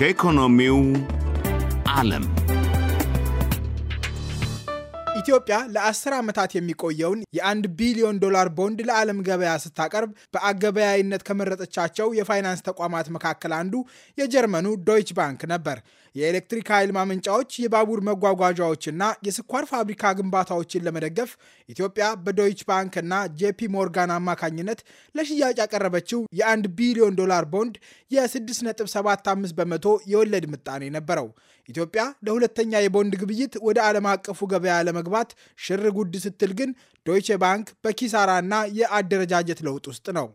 ከኢኮኖሚው ዓለም ኢትዮጵያ ለአስር ዓመታት የሚቆየውን የአንድ ቢሊዮን ዶላር ቦንድ ለዓለም ገበያ ስታቀርብ በአገበያይነት ከመረጠቻቸው የፋይናንስ ተቋማት መካከል አንዱ የጀርመኑ ዶይች ባንክ ነበር። የኤሌክትሪክ ኃይል ማመንጫዎች፣ የባቡር መጓጓዣዎችና የስኳር ፋብሪካ ግንባታዎችን ለመደገፍ ኢትዮጵያ በዶይች ባንክ እና ጄፒ ሞርጋን አማካኝነት ለሽያጭ ያቀረበችው የአንድ ቢሊዮን ዶላር ቦንድ የ6.75 በመቶ የወለድ ምጣኔ ነበረው። ኢትዮጵያ ለሁለተኛ የቦንድ ግብይት ወደ ዓለም አቀፉ ገበያ ለመግባት ለመግባት ሽር ጉድ ስትል ግን ዶይቼ ባንክ በኪሳራና የአደረጃጀት ለውጥ ውስጥ ነው።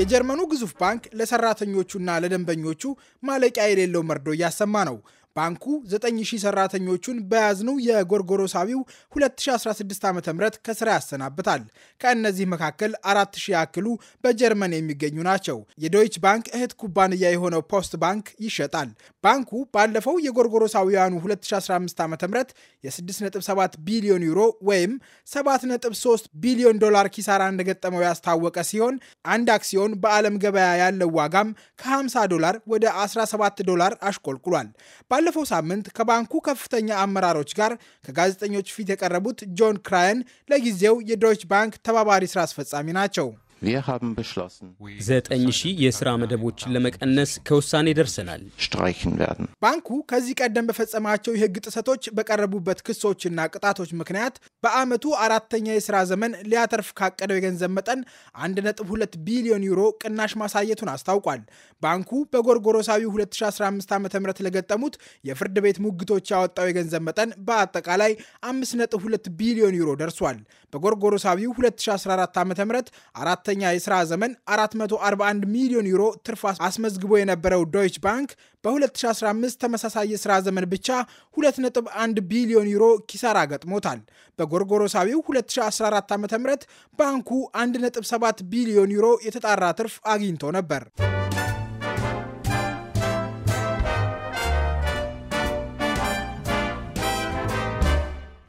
የጀርመኑ ግዙፍ ባንክ ለሰራተኞቹና ለደንበኞቹ ማለቂያ የሌለው መርዶ እያሰማ ነው። ባንኩ 9000 ሰራተኞቹን በያዝነው የጎርጎሮሳዊው 2016 ዓ ም ከስራ ያሰናብታል። ከእነዚህ መካከል 4000 ያክሉ በጀርመን የሚገኙ ናቸው። የዶይች ባንክ እህት ኩባንያ የሆነው ፖስት ባንክ ይሸጣል። ባንኩ ባለፈው የጎርጎሮሳውያኑ 2015 ዓ ም የ6.7 ቢሊዮን ዩሮ ወይም 7.3 ቢሊዮን ዶላር ኪሳራ እንደገጠመው ያስታወቀ ሲሆን አንድ አክሲዮን በዓለም ገበያ ያለው ዋጋም ከ50 ዶላር ወደ 17 ዶላር አሽቆልቁሏል። ባለፈው ሳምንት ከባንኩ ከፍተኛ አመራሮች ጋር ከጋዜጠኞች ፊት የቀረቡት ጆን ክራየን ለጊዜው የዶች ባንክ ተባባሪ ስራ አስፈጻሚ ናቸው። ዘጠኝ ሺህ የሥራ መደቦችን ለመቀነስ ከውሳኔ ደርሰናል። ባንኩ ከዚህ ቀደም በፈጸማቸው የሕግ ጥሰቶች በቀረቡበት ክሶችና ቅጣቶች ምክንያት በዓመቱ አራተኛ የሥራ ዘመን ሊያተርፍ ካቀደው የገንዘብ መጠን 1.2 ቢሊዮን ዩሮ ቅናሽ ማሳየቱን አስታውቋል። ባንኩ በጎርጎሮሳዊ 2015 ዓ ም ለገጠሙት የፍርድ ቤት ሙግቶች ያወጣው የገንዘብ መጠን በአጠቃላይ 5.2 ቢሊዮን ዩሮ ደርሷል። በጎርጎሮሳዊው 2014 ዓ ም አራተኛ የሥራ ዘመን 441 ሚሊዮን ዩሮ ትርፍ አስመዝግቦ የነበረው ዶይች ባንክ በ2015 ተመሳሳይ የሥራ ዘመን ብቻ 2.1 ቢሊዮን ዩሮ ኪሳራ ገጥሞታል። በጎርጎሮሳዊው 2014 ዓ ም ባንኩ 1.7 ቢሊዮን ዩሮ የተጣራ ትርፍ አግኝቶ ነበር።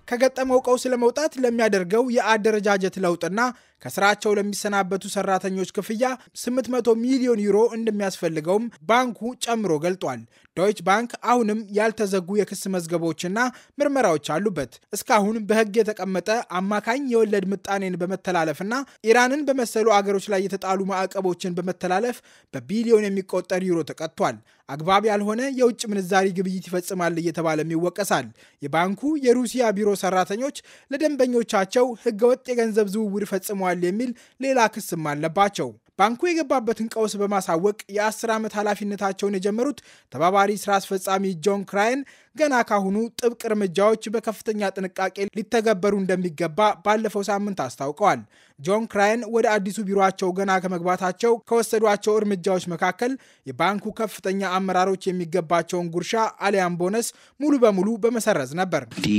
ከገጠመው ቀውስ ለመውጣት ለሚያደርገው የአደረጃጀት ለውጥና ከስራቸው ለሚሰናበቱ ሰራተኞች ክፍያ 800 ሚሊዮን ዩሮ እንደሚያስፈልገውም ባንኩ ጨምሮ ገልጧል። ዶይች ባንክ አሁንም ያልተዘጉ የክስ መዝገቦችና ምርመራዎች አሉበት። እስካሁን በህግ የተቀመጠ አማካኝ የወለድ ምጣኔን በመተላለፍና ኢራንን በመሰሉ አገሮች ላይ የተጣሉ ማዕቀቦችን በመተላለፍ በቢሊዮን የሚቆጠር ዩሮ ተቀጥቷል። አግባብ ያልሆነ የውጭ ምንዛሪ ግብይት ይፈጽማል እየተባለም ይወቀሳል። የባንኩ የሩሲያ ቢሮ ሰራተኞች ለደንበኞቻቸው ህገወጥ የገንዘብ ዝውውር ፈጽመዋል የሚል ሌላ ክስም አለባቸው። ባንኩ የገባበትን ቀውስ በማሳወቅ የአስር ዓመት ኃላፊነታቸውን የጀመሩት ተባባሪ ስራ አስፈጻሚ ጆን ክራይን ገና ካሁኑ ጥብቅ እርምጃዎች በከፍተኛ ጥንቃቄ ሊተገበሩ እንደሚገባ ባለፈው ሳምንት አስታውቀዋል። ጆን ክራይን ወደ አዲሱ ቢሮቸው ገና ከመግባታቸው ከወሰዷቸው እርምጃዎች መካከል የባንኩ ከፍተኛ አመራሮች የሚገባቸውን ጉርሻ አሊያም ቦነስ ሙሉ በሙሉ በመሰረዝ ነበር። ዲ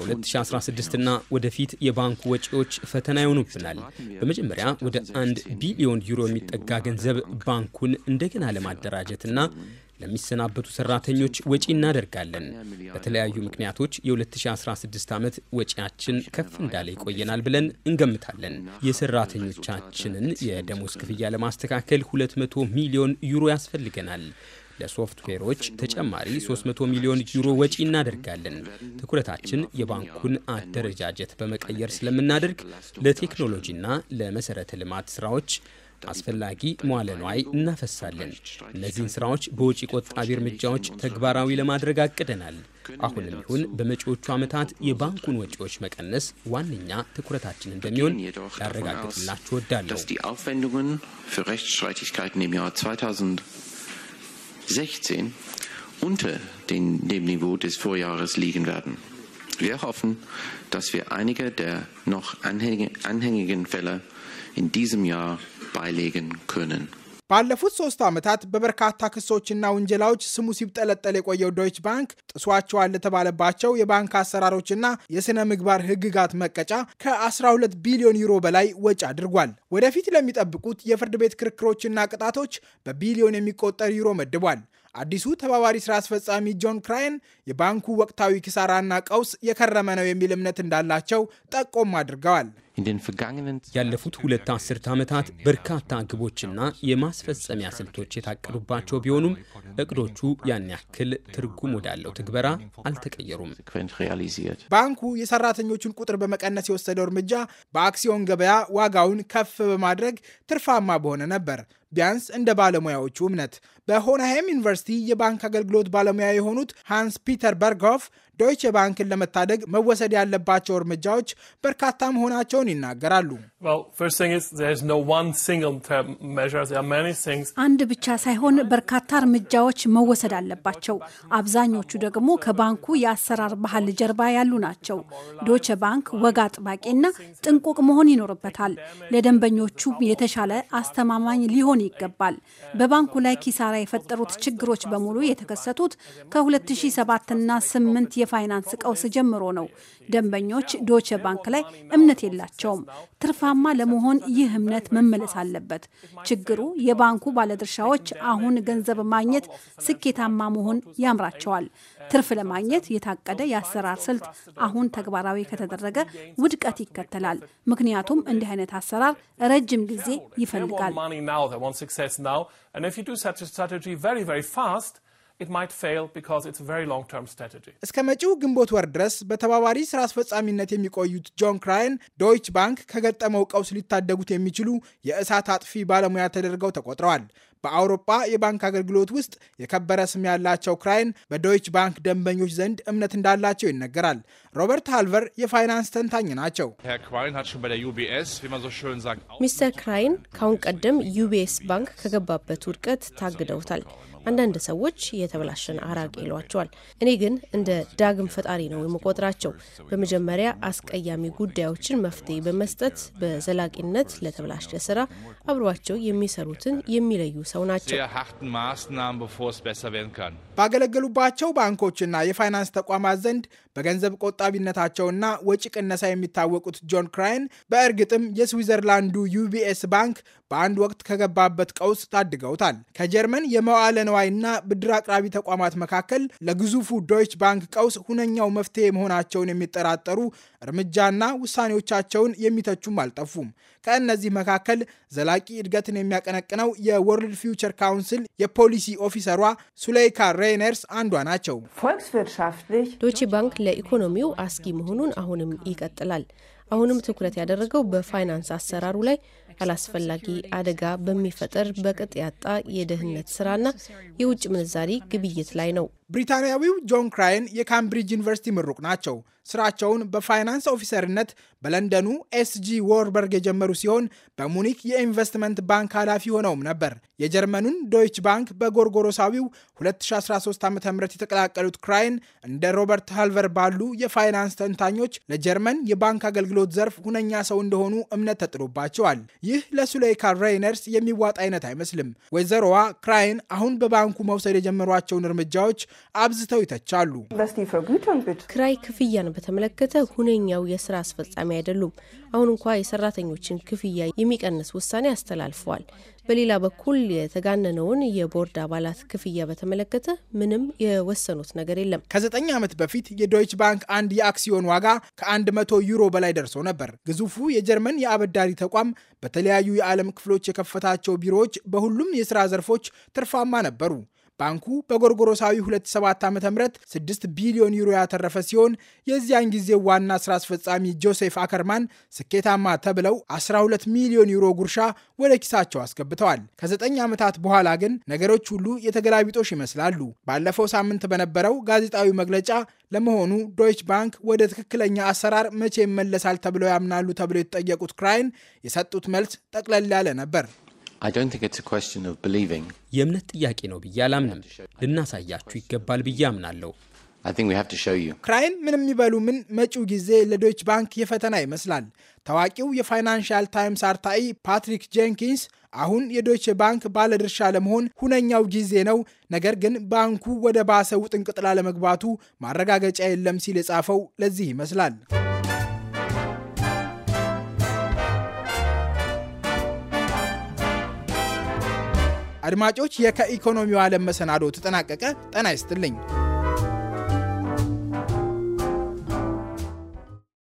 2016ና ወደፊት የባንኩ ወጪዎች ፈተና ይሆኑብናል። በመጀመሪያ ወደ አንድ ቢሊዮን ዩሮ የሚጠጋ ገንዘብ ባንኩን እንደገና ለማደራጀትና ለሚሰናበቱ ሰራተኞች ወጪ እናደርጋለን። በተለያዩ ምክንያቶች የ2016 ዓመት ወጪያችን ከፍ እንዳለ ይቆየናል ብለን እንገምታለን። የሰራተኞቻችንን የደሞዝ ክፍያ ለማስተካከል 200 ሚሊዮን ዩሮ ያስፈልገናል። ለሶፍትዌሮች ተጨማሪ 300 ሚሊዮን ዩሮ ወጪ እናደርጋለን። ትኩረታችን የባንኩን አደረጃጀት በመቀየር ስለምናደርግ ለቴክኖሎጂና ለመሰረተ ልማት ስራዎች አስፈላጊ መዋለ ንዋይ እናፈሳለን። እነዚህን ስራዎች በውጪ ቆጣቢ እርምጃዎች ተግባራዊ ለማድረግ አቅደናል። አሁንም ይሁን በመጪዎቹ ዓመታት የባንኩን ወጪዎች መቀነስ ዋነኛ ትኩረታችን እንደሚሆን ላረጋግጥላችሁ እወዳለሁ። 16 unter den, dem Niveau des Vorjahres liegen werden. Wir hoffen, dass wir einige der noch anhängigen Fälle in diesem Jahr beilegen können. ባለፉት ሶስት ዓመታት በበርካታ ክሶችና ውንጀላዎች ስሙ ሲብጠለጠል የቆየው ዶይች ባንክ ጥሷቸዋል ለተባለባቸው የባንክ አሰራሮችና የሥነ ምግባር ሕግጋት መቀጫ ከ12 ቢሊዮን ዩሮ በላይ ወጪ አድርጓል። ወደፊት ለሚጠብቁት የፍርድ ቤት ክርክሮችና ቅጣቶች በቢሊዮን የሚቆጠር ዩሮ መድቧል። አዲሱ ተባባሪ ስራ አስፈጻሚ ጆን ክራይን የባንኩ ወቅታዊ ኪሳራና ቀውስ የከረመ ነው የሚል እምነት እንዳላቸው ጠቆም አድርገዋል። ያለፉት ሁለት አስርት ዓመታት በርካታ ግቦችና የማስፈጸሚያ ስልቶች የታቀዱባቸው ቢሆኑም እቅዶቹ ያን ያክል ትርጉም ወዳለው ትግበራ አልተቀየሩም። ባንኩ የሰራተኞቹን ቁጥር በመቀነስ የወሰደው እርምጃ በአክሲዮን ገበያ ዋጋውን ከፍ በማድረግ ትርፋማ በሆነ ነበር። ቢያንስ እንደ ባለሙያዎቹ እምነት። በሆናሄም ዩኒቨርሲቲ የባንክ አገልግሎት ባለሙያ የሆኑት ሃንስ ፒተር በርግሆፍ ዶይቼ ባንክን ለመታደግ መወሰድ ያለባቸው እርምጃዎች በርካታ መሆናቸውን ይናገራሉ። አንድ ብቻ ሳይሆን በርካታ እርምጃዎች መወሰድ አለባቸው። አብዛኞቹ ደግሞ ከባንኩ የአሰራር ባህል ጀርባ ያሉ ናቸው። ዶች ባንክ ወግ አጥባቂና ጥንቁቅ መሆን ይኖርበታል። ለደንበኞቹም የተሻለ አስተማማኝ ሊሆን ይገባል። በባንኩ ላይ ኪሳራ የፈጠሩት ችግሮች በሙሉ የተከሰቱት ከ2007ና 8 የፋይናንስ ቀውስ ጀምሮ ነው። ደንበኞች ዶች ባንክ ላይ እምነት የላቸውም። ትርፋ ውጤታማ ለመሆን ይህ እምነት መመለስ አለበት። ችግሩ የባንኩ ባለድርሻዎች አሁን ገንዘብ ማግኘት ስኬታማ መሆን ያምራቸዋል። ትርፍ ለማግኘት የታቀደ የአሰራር ስልት አሁን ተግባራዊ ከተደረገ ውድቀት ይከተላል። ምክንያቱም እንዲህ አይነት አሰራር ረጅም ጊዜ ይፈልጋል። እስከ መጪው ግንቦት ወር ድረስ በተባባሪ ስራ አስፈጻሚነት የሚቆዩት ጆን ክራይን ዶይች ባንክ ከገጠመው ቀውስ ሊታደጉት የሚችሉ የእሳት አጥፊ ባለሙያ ተደርገው ተቆጥረዋል። በአውሮፓ የባንክ አገልግሎት ውስጥ የከበረ ስም ያላቸው ክራይን በዶይች ባንክ ደንበኞች ዘንድ እምነት እንዳላቸው ይነገራል። ሮበርት ሃልቨር የፋይናንስ ተንታኝ ናቸው። ሚስተር ክራይን ከአሁን ቀደም ዩቢኤስ ባንክ ከገባበት ውድቀት ታግደውታል። አንዳንድ ሰዎች የተበላሸን አራቅ ይሏቸዋል። እኔ ግን እንደ ዳግም ፈጣሪ ነው የምቆጥራቸው። በመጀመሪያ አስቀያሚ ጉዳዮችን መፍትሄ በመስጠት በዘላቂነት ለተበላሸ ስራ አብሯቸው የሚሰሩትን የሚለዩ ሰው ናቸው። ባገለገሉባቸው ባንኮችና የፋይናንስ ተቋማት ዘንድ በገንዘብ ቆጣቢነታቸውና ወጪ ቅነሳ የሚታወቁት ጆን ክራይን በእርግጥም የስዊዘርላንዱ ዩቢኤስ ባንክ በአንድ ወቅት ከገባበት ቀውስ ታድገውታል። ከጀርመን የመዋለ ነዋይና ብድር አቅራቢ ተቋማት መካከል ለግዙፉ ዶይች ባንክ ቀውስ ሁነኛው መፍትሄ መሆናቸውን የሚጠራጠሩ እርምጃና ውሳኔዎቻቸውን የሚተቹም አልጠፉም። ከእነዚህ መካከል ዘላቂ እድገትን የሚያቀነቅነው የወርልድ ፊውቸር ካውንስል የፖሊሲ ኦፊሰሯ ሱሌይካ ሬይነርስ አንዷ ናቸው። ዶች ባንክ ለኢኮኖሚው አስጊ መሆኑን አሁንም ይቀጥላል። አሁንም ትኩረት ያደረገው በፋይናንስ አሰራሩ ላይ አላስፈላጊ አደጋ በሚፈጠር በቅጥ ያጣ የደህንነት ስራና የውጭ ምንዛሪ ግብይት ላይ ነው። ብሪታንያዊው ጆን ክራይን የካምብሪጅ ዩኒቨርሲቲ ምሩቅ ናቸው። ስራቸውን በፋይናንስ ኦፊሰርነት በለንደኑ ኤስጂ ዎርበርግ የጀመሩ ሲሆን በሙኒክ የኢንቨስትመንት ባንክ ኃላፊ ሆነውም ነበር። የጀርመኑን ዶይች ባንክ በጎርጎሮሳዊው 2013 ዓ ም የተቀላቀሉት ክራይን እንደ ሮበርት ሃልቨር ባሉ የፋይናንስ ተንታኞች ለጀርመን የባንክ አገልግሎት ዘርፍ ሁነኛ ሰው እንደሆኑ እምነት ተጥሎባቸዋል። ይህ ለሱሌይካ ሬይነርስ የሚዋጥ አይነት አይመስልም። ወይዘሮዋ ክራይን አሁን በባንኩ መውሰድ የጀመሯቸውን እርምጃዎች አብዝተው ይተቻሉ። ክራይ ክፍያን በተመለከተ ሁነኛው የስራ አስፈጻሚ አይደሉም። አሁን እንኳ የሰራተኞችን ክፍያ የሚቀንስ ውሳኔ አስተላልፈዋል። በሌላ በኩል የተጋነነውን የቦርድ አባላት ክፍያ በተመለከተ ምንም የወሰኑት ነገር የለም። ከዘጠኝ ዓመት በፊት የዶይች ባንክ አንድ የአክሲዮን ዋጋ ከአንድ መቶ ዩሮ በላይ ደርሶ ነበር። ግዙፉ የጀርመን የአበዳሪ ተቋም በተለያዩ የዓለም ክፍሎች የከፈታቸው ቢሮዎች በሁሉም የሥራ ዘርፎች ትርፋማ ነበሩ። ባንኩ በጎርጎሮሳዊ 27 ዓ ም 6 ቢሊዮን ዩሮ ያተረፈ ሲሆን የዚያን ጊዜ ዋና ስራ አስፈጻሚ ጆሴፍ አከርማን ስኬታማ ተብለው 12 ሚሊዮን ዩሮ ጉርሻ ወደ ኪሳቸው አስገብተዋል። ከ9 ዓመታት በኋላ ግን ነገሮች ሁሉ የተገላቢጦሽ ይመስላሉ። ባለፈው ሳምንት በነበረው ጋዜጣዊ መግለጫ ለመሆኑ ዶይች ባንክ ወደ ትክክለኛ አሰራር መቼ ይመለሳል ተብለው ያምናሉ ተብለው የተጠየቁት ክራይን የሰጡት መልስ ጠቅለል ያለ ነበር። የእምነት ጥያቄ ነው ብዬ አላምንም። ልናሳያችሁ ይገባል ብዬ አምናለሁ። ክራይን ምን የሚበሉ ምን መጪው ጊዜ ለዶች ባንክ የፈተና ይመስላል። ታዋቂው የፋይናንሻል ታይምስ አርታኢ ፓትሪክ ጄንኪንስ አሁን የዶች ባንክ ባለድርሻ ለመሆን ሁነኛው ጊዜ ነው፣ ነገር ግን ባንኩ ወደ ባሰ ውጥንቅጥ ላለመግባቱ ማረጋገጫ የለም ሲል የጻፈው ለዚህ ይመስላል። አድማጮች የከኢኮኖሚው ዓለም መሰናዶ ተጠናቀቀ። ጤና ይስጥልኝ።